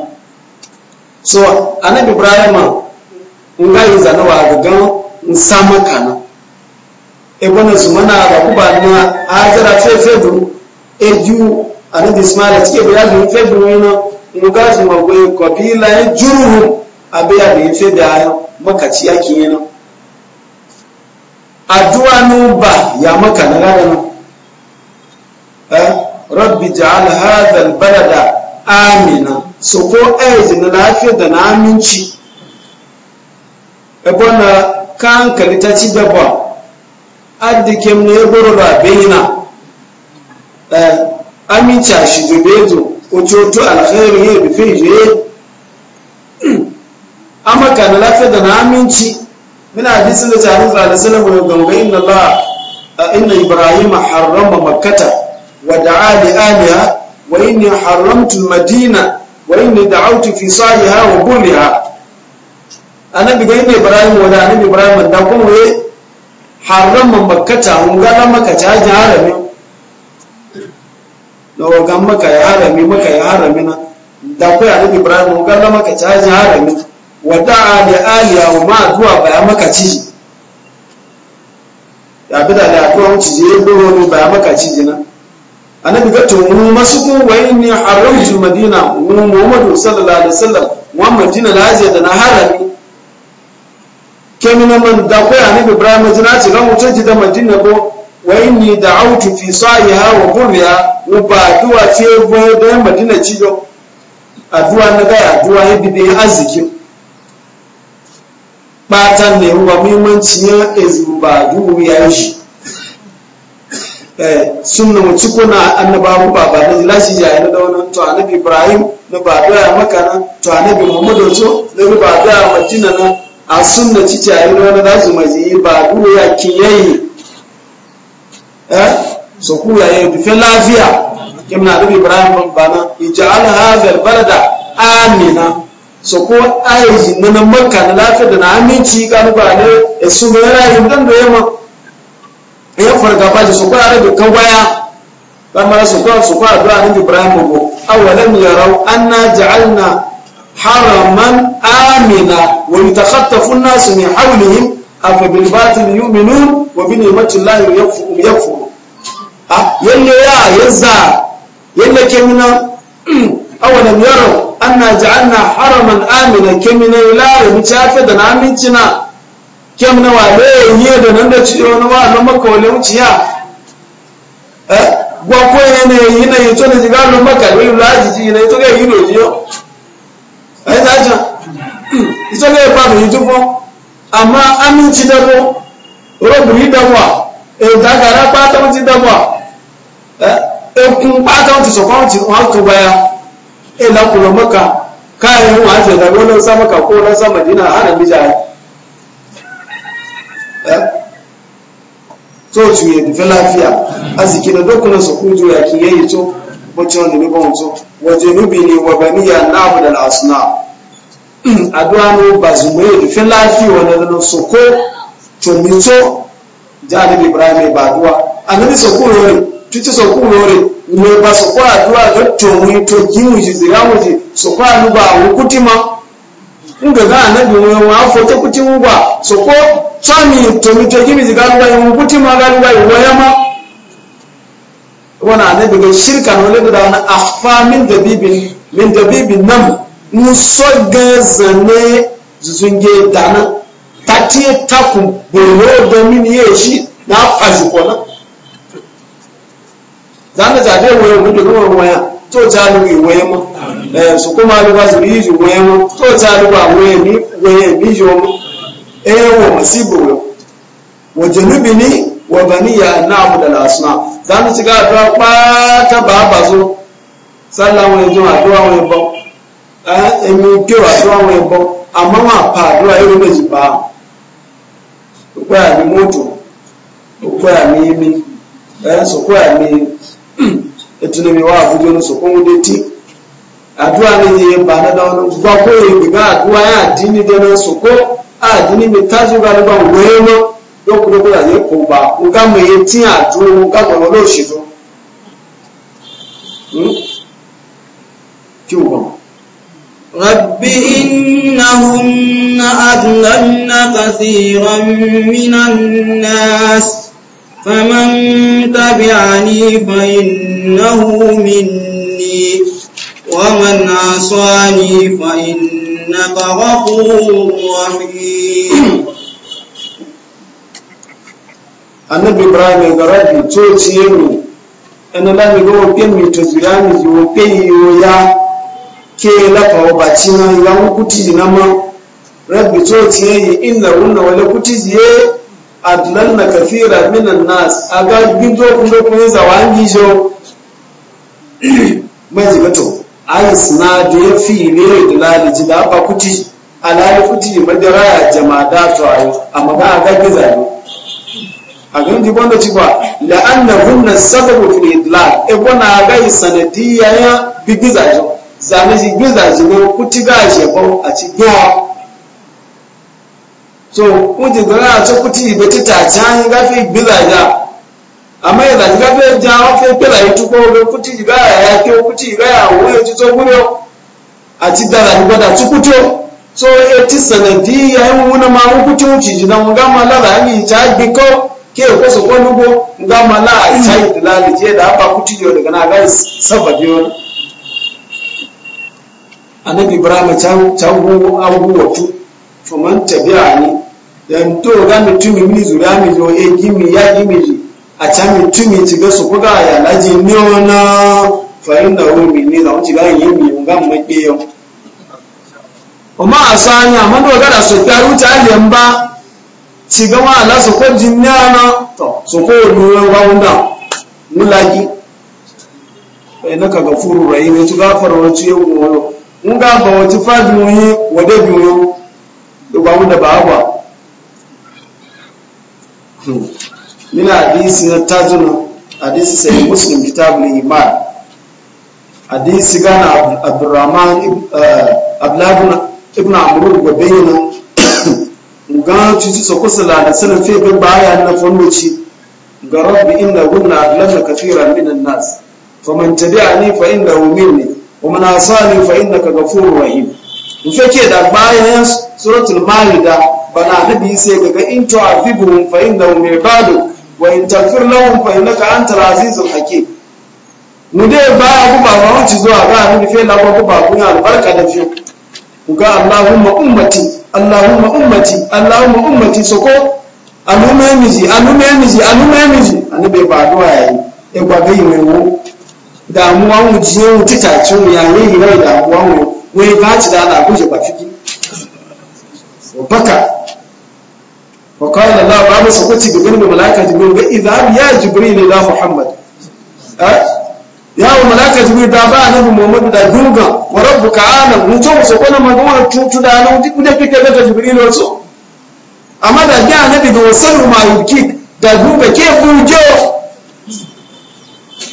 so annabi ibrahima nga yi zana wa gagan sama kana ebona su mana ga kuba na azara fe fe du eju annabi ismaila tike bi yadin fe du na nga su ma gwe kabila ya e juru abe ya bi fe da ayo makaci yake yana addu'a nu ba ya maka na gana eh rabbi ja'al hadha al-balada amina so ko aizi na lafiya da na aminci na kankali ta ci daba na ya goro ba bayina eh aminci shi ko ototo alkhairu ya bi fi je amma kana lafiya da na aminci Muna hadisin da tare da sallallahu gangan wasallam inna a inna Ibrahim a haramma wa da'a li aliha wa inni haramtu madina wa inni da'awtu fi sahiha wa buliha annabi ga inni ibrahim wa da annabi ibrahim da kuma we haramma makkata hun ga dan makka harami da ga makka ya harami makka ya harami na da kai annabi ibrahim hun ga dan makka ta ji harami wa da'a li aliya wa ma duwa ba makka ci ya bida da duwa wuce je duwa ba makka ci na annabi ga to mu masuku wa inni haramtu madina mu muhammadu sallallahu alaihi wasallam wa madina da aje da na harami kemina man da ko annabi ibrahim jina ce ga ji da madina ko wa inni da'awtu fi sa'iha wa burriha wa ba duwa ce go da madina ci do aduwa na ga aduwa yadda bai ba tan ne wa muhimmanci ya ezu ba duwa ya shi Eh, sunna mu cikuna annaba mu baba da lashi ya na wannan to annabi ibrahim na ba doya maka na to annabi muhammadu so na ba da madina na a sunna ci ta yi wani da su yi ba ya kiyayi eh so ya yi dufe lafiya kin na annabi ibrahim bana ij'al hadha albalada amina so ko ayi na makka na lafiya da na aminci ga ba ne su mai rayu dan da yamma ya fargaba ji su kwa rabi kawaya kamar su kwa su kwa addu'a ni Ibrahim ko awalam yarau anna ja'alna haraman amina wa yatakhattafu an-nas min hawlihim afa bil batil yu'minun wa bi ni'mati llahi yakfurun yakfurun ah yalle ya yazza yalle kemina awalam yarau anna ja'alna haraman amina kemina ila rubi tafe da namincina Kyam na wale yi da nan da ciyo na wale maka wale ya eh gwa ko yana yi na yi to da jiga lo maka wale la jiji na to ga yi lo jiyo eh ta ja ito ga pa mi tufo amma aminci da ko robri da wa e da gara pa ta ti da wa eh e kun pa ta ti so pa ti wa to baya e la ko lo maka kai wa ta da wala sa maka ko la sa madina haram bijai tó tù yẹ dùfẹ́ láfíà a sì kí lọ́dọ́ kan sọ kúrò yà kí yẹ́yì tó bọ́tí wọn lè bọ́n tó wọ́jẹ́ níbi ni wọ̀bẹ̀ níyà náà da lásùnà àdúrà ní gbàzùmọ́ yẹ dùfẹ́ láfíà wọn lọ́dọ́ sọ kó tòmí tó jáde ibrahim ìbàdúrà ànábì sọ kúrò rẹ̀ títí sọ kúrò ìwé ba sọ àdúrà tó tòmí tó jíwù jì sí ráwù àdúrà àwọn kútì cami tomi to gimi ji garuwa yin kuti ma garuwa waya ma wani annabi ga shirka na wani da wani afa min dabibin min dabibin nan nso ga zane zunge dana ta tiye taku bolo domin ye shi na fashi kwana zane zaje waya gudu kuma waya tó jáde ìwé mọ́ ẹ̀sùn kó máa lọ yi sì waya ma wé mọ́ tó jáde wà waya mi yọ mọ́ ewo eh, masibu wa janubini wa baniya na'budu al-asnam zamu ci ga addu'a ba ta baba zo sallah wani jin addu'a wani bo eh emi ke addu'a wani bɔ amma ma fa addu'a yau da ji ba ko ya ni moto ko ya ni mi eh so ko ya ni mi wa abujo no so ko mu de ti addu'a ni yi ba na da wani gba ko ye ga addu'a ya dini de na so àdínní mi tájú balùbà wéwọ́ lókùnlókù àyè kò gbà nǹkan mọ èyí tí àdúró nǹkan mọ̀ lọ́wọ́ òṣèlú hmm? kí o gbọ́n. رب إنهن أذللن كثيرا من الناس فمن تبعني فإنه مني ومن عصاني فإنه إنك غفور رحيم annabi ibrahim ga rabi coci yenu ẹnu láti gbọ́ pé mi tó fi rá mi yíwo pé yíwo ya ké lápàá bàtí na ìwà ń na mọ́ rabi coci yẹn ìnà wúnà wọlé kú tìjì yẹ adìlán na kàfíra mínà nas alisnadu ya fi lere da laliji da ba kuti a lali kuti madara ya da to a yi amma ba a gaggi zabe a gangi banda ci ba da an na hunna sababu fil idlal e bona ga sanadiya ya bigizajo zane ji gizaji ne kuti ga shebo a ci gwa so kuti ga na so kuti da tita can ga fi gizaja amma ya zanzi gafe jawo fe pela ituko be kuti iba ya ke kuti iba ya wo ti to gure ati dara ni goda tukuto so eti sanadi ya yi na ma kuti uchi jina nga mala la ni cha biko ke ko so ko nugo nga mala cha je da ba kuti yo daga na ga sababi yo annabi ibrahim can can hu abu watu faman tabi'ani dan to ga mutumi mi zuriya mi yo e gimi ya gimi a can mutumi ci ga su kuga ya laji ni ona farin da rumi ne da wuce bayan yin biyu ga maƙe yau amma a sani amma dogara su ta wuce aliyan ba ci ga ma ala su kwanji ni ana to su ko lura ba wunda mulaki bai naka ga furu rayu ne su gafara wacce yau mu wayo mun gafa wacce fadi mu yi wade biyu ba wunda ba agwa hmm. Mina hadisi na tazuna hadisi sai muslim kitabul iman hadisi gana abdurrahman eh, abdullah ibn amr ga bayyana ga cuci sa kusa da sanin fe bin baya na fannoci ga rabbi inna kunna adlafa kathiran minan nas faman tabi'ani fa sa ni wa ka asani fa innaka ghafurur rahim mfake da bayan suratul maida bana nabi sai kaga in to afibu fa innahu mibadu wa in tagfir lahum fa innaka antal azizul hakim mu dai baya ku ba mu ci zuwa ga mu fe na ku ba ku albarka da fiyo ku ga allahumma ummati allahumma ummati allahumma ummati soko alume miji alume miji alume miji anabe ba duwa yayi e gba be yin wo da mu je mu titace mu yayi yi rai wa mu we ba ci da na je ba fiki baka وقال الله بعد سقوطي بقلب ملائكة جبريل إذا يا جبريل إلى محمد يا ملائكة جبريل دابا نبي محمد دا جوغا وربك عالم نجوم سقونا ما جوا تشوف دا أنا ودي كنا بيك دا جبريل وصو أما دا جاء نبي وصل ما يبكيك دا جوغا كيف يجوا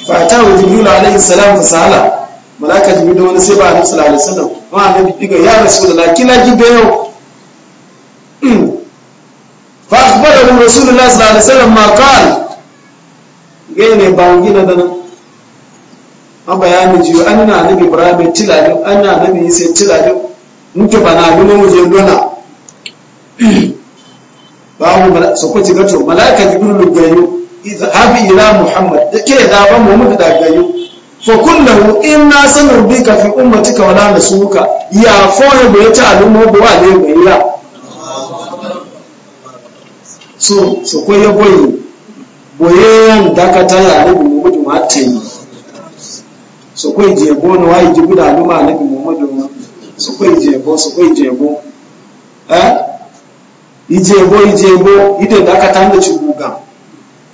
فأتاه جبريل عليه السلام فسأله ملائكة جبريل ونسيب عليه الصلاة والسلام ما نبي بيك يا رسول الله كلا جبريل lahum rasulullah sallallahu alaihi wasallam ma ne ba wani na dana a bayani jiyo an na nabi birane tilado an na nabi isa tilado muke bana bi mu je dona ba mu so ko ci gato malaika jibril gayo idhabi ila muhammad ke da ban mu da gayu fa kullahu inna sanu bika fi ummatika wala nasuka ya fo ya ta alumo bo wa le gayo so so ko ya boye boye yan dakata ya rubu muhammadu ma tayi so ko je bo no ai ji guda luma nabi muhammadu so ko je bo so ko je bo eh ije bo ije bo ide dakata da chuguga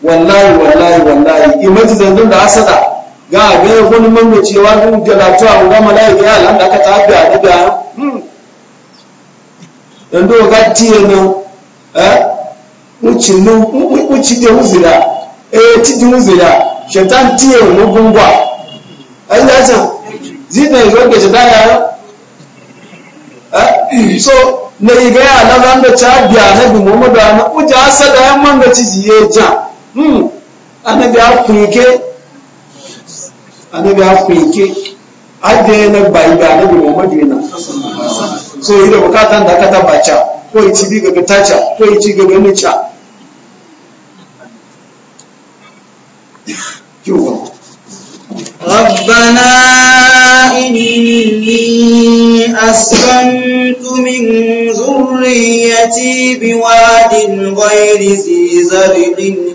wallahi wallahi wallahi imaji zan da asada ga ga wani mamba cewa dun jalatu ta ga malaika ya lan da aka tafiya da hmm dan do ga tiye no eh wuchide wuzira eh tidi wuzira shaitan tiye mugungwa ayi da san zina izo ke shaitan ya so na iga ya na zan da ca biya muhammadu ana uja asada yan man da ciji ya ja hmm anabi a kunke anabi a Ade adde na bai da na bi muhammadu yana so yi da bukatan da aka tabaca ko yi ci bi ga taca ko yi ci ga nica أسكنت من ذريتي بواد غير ذي زرع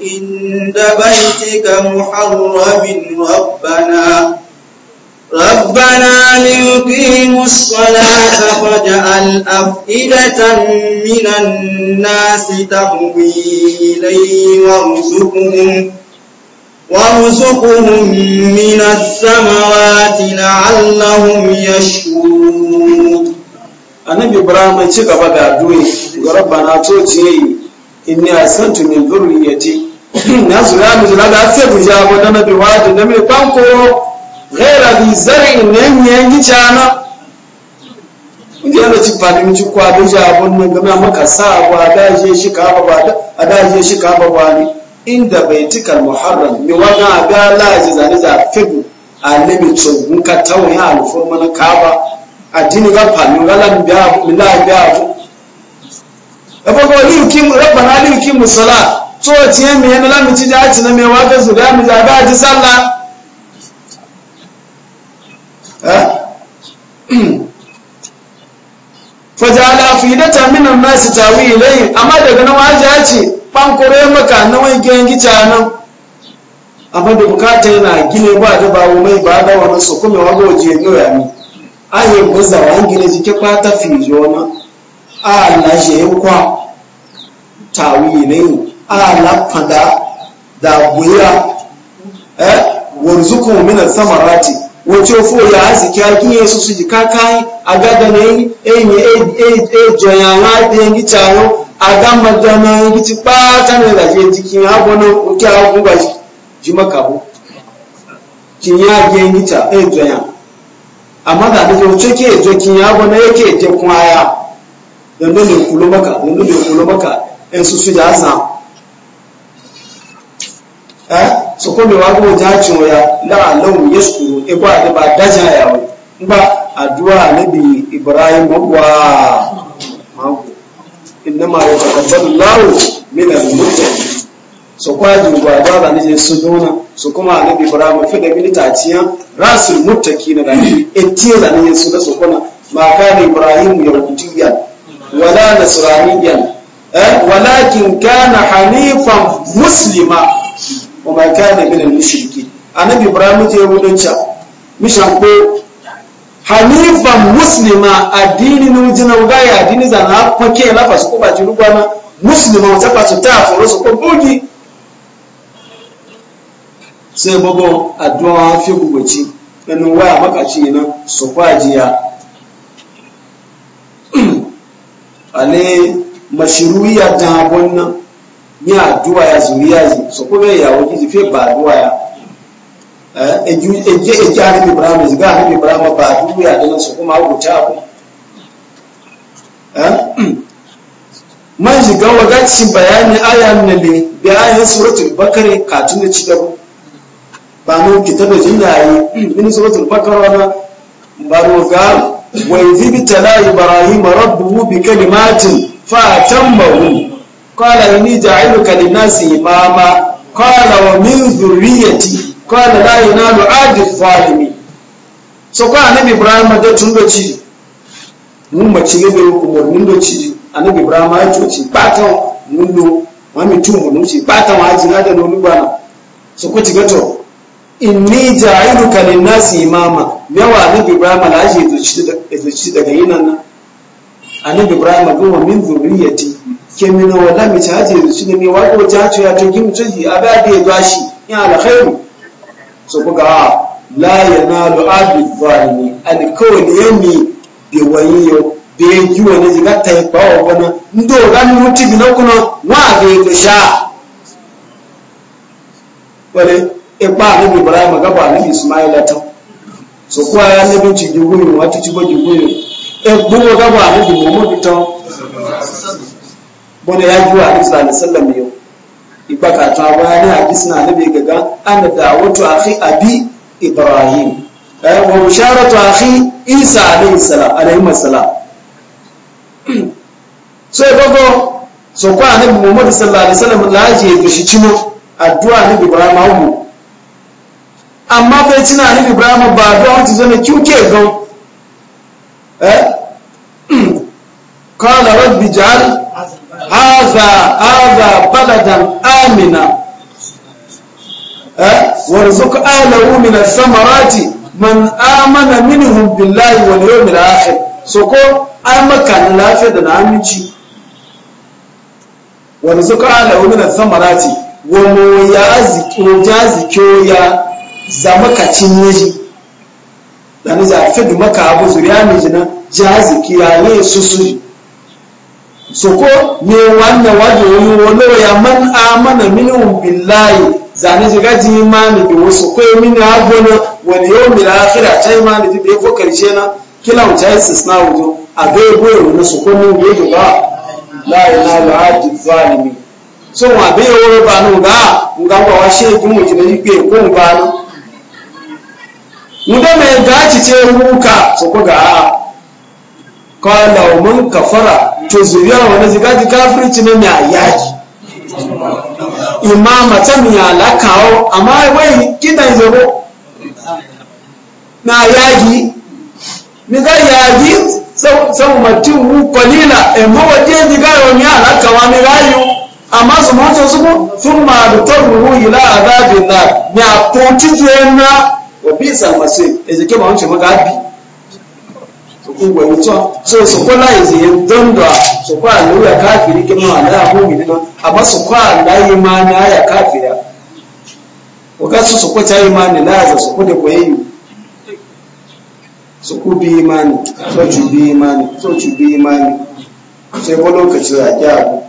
عند بيتك محرم ربنا ربنا ليقيموا الصلاة فاجعل أفئدة من الناس تهوي إليه وارزقهم وارزقهم من الثمرات لعلهم يشكرون annabi ibrahim ci gaba da addu'a ga rabbana to ce inni asantu min dhurriyyati na zura mu zura da sai buja ko da nabi wadi da mai banko ghaira bi zar'i nan cana inda da ci fadi mu ci kwa buja nan ga maka sa a da je shi ka ba ba da da je shi ka ba ba ne inda baitikal muharram mi waga ga ya zane za fibu annabi tsogun ka tawon ya na kaba addini ga fami wala biya mi la biya fu da fa ko liu kim rabbana liu kim musala to tiye mi yana lamu da ci na me wa ga su da mi za ga ji sallah fajala fidata minan nasi tawi ilayhi amma daga nan waje ya ce kore maka na wanke yanki canan amma da bukata yana gine ba da ba mai ba da wani su kuma wani waje yau ya mi a yi buza wa gine jike kwata fijo na a na shi yi kwa tawi ne a na fada da buya eh kuma min samarati wace fo ya aziki akin yesu su jika kai agada eyi enyi eh, ejoyan eh, eh, la de ngi chayo agamadana ibiti pata ne da je jikin abona oke abu ba ji maka bu kin ya je ngita e joya amma da da wuce ke jo kin ya abona yake te kwaya dan dole kulo maka dan dole kulo maka en su su da zan eh so ko me wa go ja cin waya la lahum yasku e ba da ba daja yawo ba addu'a nabi ibrahim wa ma innama ya takabbalu lahu min al-muttaqin so kwa ji ba da da nije su dona so kuma annabi ibrahim fi da milita ciyan rasul muttaqin e da ni etiye da nije su da so kuma ma kana ibrahim yahudiyan wala nasraniyan eh walakin kana hanifan muslima wa ma kana min al-mushrikin annabi ibrahim je wudanca mishan ko hanifan muslima addini ni ujina ugaya addini za na kwake na fasu ko ba jiru na muslima wata fasu ta foro su ko bugi sai bogo addu'a fi gugoci dan waya makaci na su kwajiya ale mashruiya ta bonna ni addu'a ya zuriya su ko ya wuji fi ba addu'a ya eje eh, e e eje hannun ibrahim ziga e hannun ibrahim ba a dubu ya ganin su kuma ta ku eh? man shiga wagacin bayani aya nale bi ayan suratul bakare katun da ci gaba ba mu kita da jinyayi min suratul bakara na baro ga wa yidhi tala ibrahim rabbuhu bi kalimatin fa tammahu qala inni ja'iluka lin-nasi imama qala wa min dhurriyyati kwana la na adi zalimi so kwa annabi ibrahim da tun da ci mun mace ne da umarnin da ci annabi ibrahim ya ce ci batan mun do wani tun mun ci batan wa ji na da nonu bana so ku ci gato inni ja'iluka lin-nasi imama yawa annabi ibrahim la ji da ci daga yinan nan annabi ibrahim ga wa min zuriyati kemina wala mi ta ji da ci ne wa ko ta ci ya to a mutunci abadi ya bashi ya alkhairu so kuka a la yanalu abid zalimi alkawli yami de wayiyo de juwa ne jiga tai bawo bana ndo gani muti bi nakuno wa be ga sha wale e ba ni ibrahim ga ba ismaila ta so kuwa ya ne bi ci juwa wati ci ba juwa e bugo ga ba mu muhammad ta bone ya juwa sallallahu alaihi wasallam yau ibakata wani hadis na nabi gaga an wato akhi abi ibrahim eh, wa musharatu akhi isa alayhi salam alayhi salam so gogo so kwa nabi muhammad sallallahu alaihi wasallam laji ya fishi cino addu'a nabi ibrahim hawo amma bai cina nabi ibrahim ba da wata zama kyuke gan eh qala rabbi ja'al haza haza baladan amina warzuq min samarati man amana minhum billahi wal yawmil akhir so ko ai maka lafiya da aminci warzuq ahlahu min samarati wa mu ya zama kacin yaji dan za fi maka abu zuriya jina soko ne wannan waje yi wani ya man amana minhum billahi zane ji gaji imani da wasu ko mini agona wani yau mai lafira ta imani bi ko karshe na kila mu tayi na wuto a bai goyi e wani su ko mun yi ba la na illa adi zalimi so wa bai woro ba nun ga mu ga wa she bi mu jina yi ko ba ni? mu da mai gaci ce ruka so ko ga a'a kala mun kafara to zuriya wani zigaji kafirci na mai yaki imama ta miya lakawo amma wai gidan zabo na yaki ni ga yaki sau mutum kwalila in e mawaje ziga wa miya lakawa mi rayu amma su mutu su mu sun ma da tarruhu ila azabin nar mi a kotu zuwa na wa bisa e masu ezeke ba wancan magabi igwe wuto so sokwa laizi ya dondo sokwa aluya kafiri kama ala humi nino amma sokwa ala imani haya kafira wakati sokwa cha imani laza sokwa de kwa hiyo sokwa bi imani so bi imani so chubi imani sai wani lokaci a jago